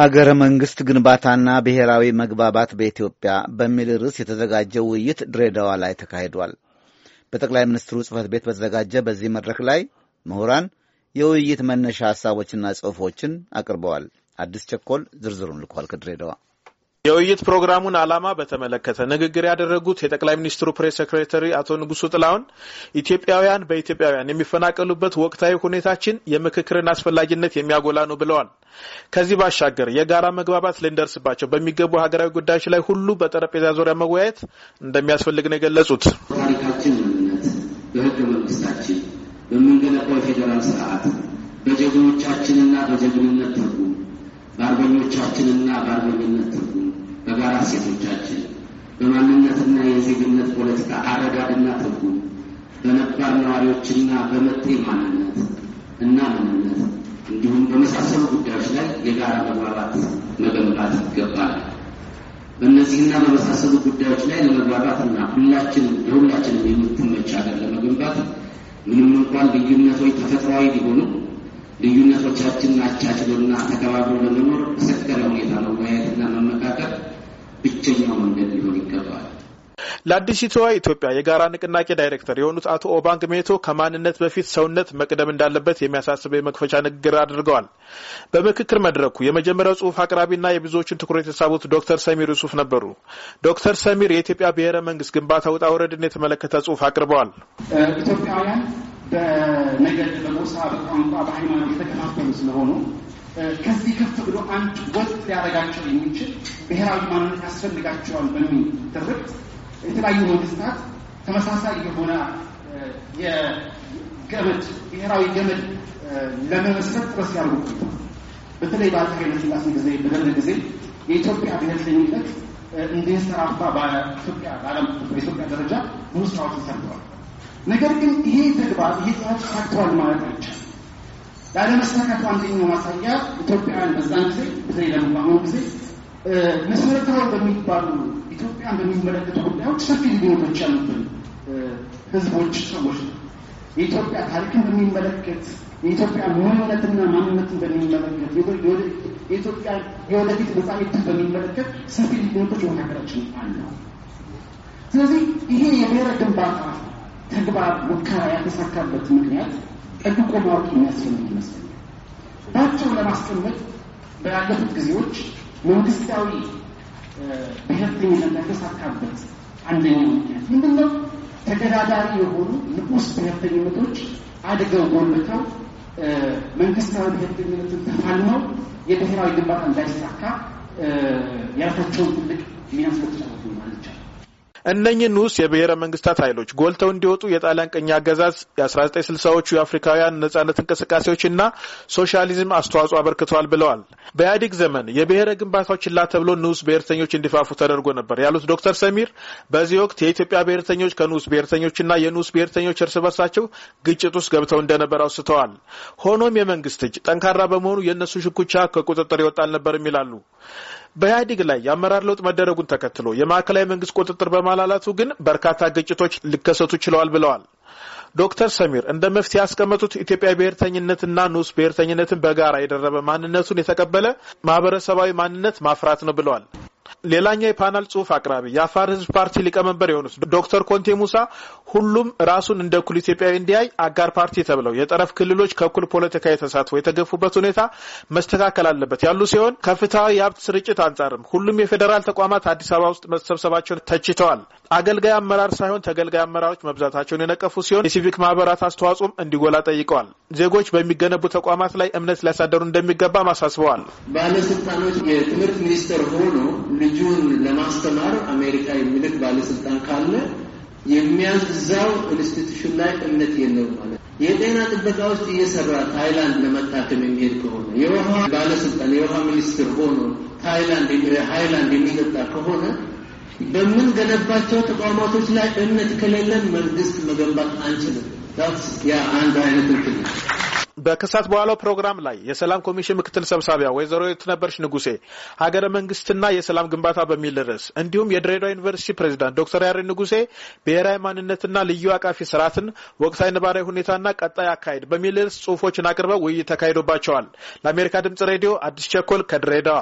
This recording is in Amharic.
ሀገረ መንግስት ግንባታና ብሔራዊ መግባባት በኢትዮጵያ በሚል ርዕስ የተዘጋጀው ውይይት ድሬዳዋ ላይ ተካሂዷል። በጠቅላይ ሚኒስትሩ ጽህፈት ቤት በተዘጋጀ በዚህ መድረክ ላይ ምሁራን የውይይት መነሻ ሀሳቦችና ጽሑፎችን አቅርበዋል። አዲስ ቸኮል ዝርዝሩን ልኳል ከድሬዳዋ የውይይት ፕሮግራሙን ዓላማ በተመለከተ ንግግር ያደረጉት የጠቅላይ ሚኒስትሩ ፕሬስ ሴክሬታሪ አቶ ንጉሱ ጥላሁን ኢትዮጵያውያን በኢትዮጵያውያን የሚፈናቀሉበት ወቅታዊ ሁኔታችን የምክክርን አስፈላጊነት የሚያጎላ ነው ብለዋል። ከዚህ ባሻገር የጋራ መግባባት ልንደርስባቸው በሚገቡ ሀገራዊ ጉዳዮች ላይ ሁሉ በጠረጴዛ ዙሪያ መወያየት እንደሚያስፈልግ ነው የገለጹት። በህገ መንግስታችን፣ በምንገነባው የፌዴራል ስርዓት፣ በጀግኖቻችንና በጀግንነት በአርበኞቻችንና በአርበኝነት ትርጉም በጋራ ሴቶቻችን በማንነትና የዜግነት ፖለቲካ አረዳድና ትርጉም በነባር ነዋሪዎችና በመጤ ማንነት እና ምንነት እንዲሁም በመሳሰሉ ጉዳዮች ላይ የጋራ መግባባት መገንባት ይገባል። በእነዚህና በመሳሰሉ ጉዳዮች ላይ ለመግባባትና ሁላችንም ለሁላችንም የምትመች ሀገር ለመገንባት ምንም እንኳን ልዩነቶች ተፈጥሯዊ ሊሆኑም ልዩነቶቻችንን አቻችሎና ተከባብሮ ለመኖር ሰከረ ሁኔታ መወያየትና መመካከር ብቸኛው መንገድ ሊሆን ይገባል። ለአዲሲቷ ኢትዮጵያ የጋራ ንቅናቄ ዳይሬክተር የሆኑት አቶ ኦባንግ ሜቶ ከማንነት በፊት ሰውነት መቅደም እንዳለበት የሚያሳስበው የመክፈቻ ንግግር አድርገዋል። በምክክር መድረኩ የመጀመሪያው ጽሁፍ አቅራቢና የብዙዎችን ትኩረት የተሳቡት ዶክተር ሰሚር ዩሱፍ ነበሩ። ዶክተር ሰሚር የኢትዮጵያ ብሔረ መንግስት ግንባታ ውጣ ውረድን የተመለከተ ጽሁፍ አቅርበዋል። ኢትዮጵያውያን በነገድ፣ በጎሳ፣ በቋንቋ፣ በሃይማኖት የተከፋፈሉ ስለሆኑ ከዚህ ከፍ ብሎ አንድ ወጥ ሊያደርጋቸው የሚችል ብሔራዊ ማንነት ያስፈልጋቸዋል በሚል ትርክት የተለያዩ መንግስታት ተመሳሳይ የሆነ የገመድ ብሔራዊ ገመድ ለመመስረት ጥረት ያደርጉ በተለይ በአፄ ኃይለሥላሴ ጊዜ በደርግ ጊዜ የኢትዮጵያ ብሔርተኝነት እንዲንሰራፋ በኢትዮጵያ ደረጃ ብዙ ስራዎች ተሰርተዋል። ነገር ግን ይሄ ተግባር ይሄ ጥረት ተሳክተዋል ማለት አይቻል። ላለመሳካቱ አንደኛው ማሳያ ኢትዮጵያውያን በዛን ጊዜ በተለይ ደግሞ በአሁኑ ጊዜ መሰረታዊ በሚባሉ ኢትዮጵያን በሚመለከቱ ጉዳዮች ሰፊ ልዩነቶች ያሉብን ህዝቦች፣ ሰዎች ነው። የኢትዮጵያ ታሪክን በሚመለከት የኢትዮጵያ ምንነትና ማንነትን በሚመለከት የኢትዮጵያ የወደፊት መጻሚትን በሚመለከት ሰፊ ልዩነቶች መካከላችን አለው። ስለዚህ ይሄ የብሔረ ግንባታ ተግባር ሙከራ ያተሳካበት ምክንያት ጠብቆ ማወቅ የሚያስፈልግ ይመስለኛል። ባቸው ለማስቀመጥ በያለፉት ጊዜዎች መንግስታዊ ብሔርተኝነት ያተሳካበት አንደኛው ምክንያት ምንድን ነው? ተገዳዳሪ የሆኑ ንዑስ ብሔርተኝነቶች አድገው ጎልብተው መንግስታዊ ብሔርተኝነትን ተፋልመው የብሔራዊ ግንባታ እንዳይሳካ ያልታቸውን ትልቅ ሚና ማለት ይቻላል። እነኚህን ውስጥ የብሔረ መንግስታት ኃይሎች ጎልተው እንዲወጡ የጣሊያን ቀኛ አገዛዝ የ1960ዎቹ የአፍሪካውያን ነጻነት እንቅስቃሴዎችና ሶሻሊዝም አስተዋጽኦ አበርክተዋል ብለዋል። በኢህአዴግ ዘመን የብሔረ ግንባታዎች ችላ ተብሎ ንዑስ ብሔርተኞች እንዲፋፉ ተደርጎ ነበር ያሉት ዶክተር ሰሚር በዚህ ወቅት የኢትዮጵያ ብሔርተኞች ከንዑስ ብሔርተኞችና የንዑስ ብሔርተኞች እርስ በርሳቸው ግጭት ውስጥ ገብተው እንደነበር አውስተዋል። ሆኖም የመንግስት እጅ ጠንካራ በመሆኑ የእነሱ ሽኩቻ ከቁጥጥር ይወጣል ነበርም ይላሉ። በኢህአዴግ ላይ የአመራር ለውጥ መደረጉን ተከትሎ የማዕከላዊ መንግስት ቁጥጥር በማላላቱ ግን በርካታ ግጭቶች ሊከሰቱ ችለዋል ብለዋል። ዶክተር ሰሚር እንደ መፍትሄ ያስቀመጡት ኢትዮጵያ ብሔርተኝነትና ንዑስ ብሔርተኝነትን በጋራ የደረበ ማንነቱን የተቀበለ ማህበረሰባዊ ማንነት ማፍራት ነው ብለዋል። ሌላኛው የፓናል ጽሁፍ አቅራቢ የአፋር ህዝብ ፓርቲ ሊቀመንበር የሆኑት ዶክተር ኮንቴ ሙሳ ሁሉም ራሱን እንደ እኩል ኢትዮጵያዊ እንዲያይ አጋር ፓርቲ ተብለው የጠረፍ ክልሎች ከእኩል ፖለቲካ ተሳትፎ የተገፉበት ሁኔታ መስተካከል አለበት ያሉ ሲሆን ከፍትሐዊ የሀብት ስርጭት አንጻርም ሁሉም የፌዴራል ተቋማት አዲስ አበባ ውስጥ መሰብሰባቸውን ተችተዋል። አገልጋይ አመራር ሳይሆን ተገልጋይ አመራሮች መብዛታቸውን የነቀፉ ሲሆን የሲቪክ ማህበራት አስተዋጽኦም እንዲጎላ ጠይቀዋል። ዜጎች በሚገነቡ ተቋማት ላይ እምነት ሊያሳደሩ እንደሚገባም አሳስበዋል። ባለስልጣኖች የትምህርት ሚኒስቴር ሆኖ ልጁን ለማስተማር አሜሪካ የሚልክ ባለስልጣን ካለ የሚያዛው ኢንስቲትዩሽን ላይ እምነት የለው ማለት ነው። የጤና ጥበቃ ውስጥ እየሰራ ታይላንድ ለመታከም የሚሄድ ከሆነ የውሃ ባለስልጣን የውሃ ሚኒስትር ሆኖ ታይላንድ ሃይላንድ የሚጠጣ ከሆነ በምንገነባቸው ተቋማቶች ላይ እምነት ከሌለን መንግስት መገንባት አንችልም። ያ አንድ አይነት እንትን በክሳት በኋላው ፕሮግራም ላይ የሰላም ኮሚሽን ምክትል ሰብሳቢያ ወይዘሮ የትነበርሽ ንጉሴ ሀገረ መንግስትና የሰላም ግንባታ በሚል ርዕስ እንዲሁም የድሬዳዋ ዩኒቨርሲቲ ፕሬዚዳንት ዶክተር ያሬ ንጉሴ ብሔራዊ ማንነትና ልዩ አቃፊ ስርዓትን ወቅታዊ ነባራዊ ሁኔታና ቀጣይ አካሄድ በሚል ርዕስ ጽሁፎችን አቅርበው ውይይት ተካሂዶባቸዋል። ለአሜሪካ ድምጽ ሬዲዮ አዲስ ቸኮል ከድሬዳዋ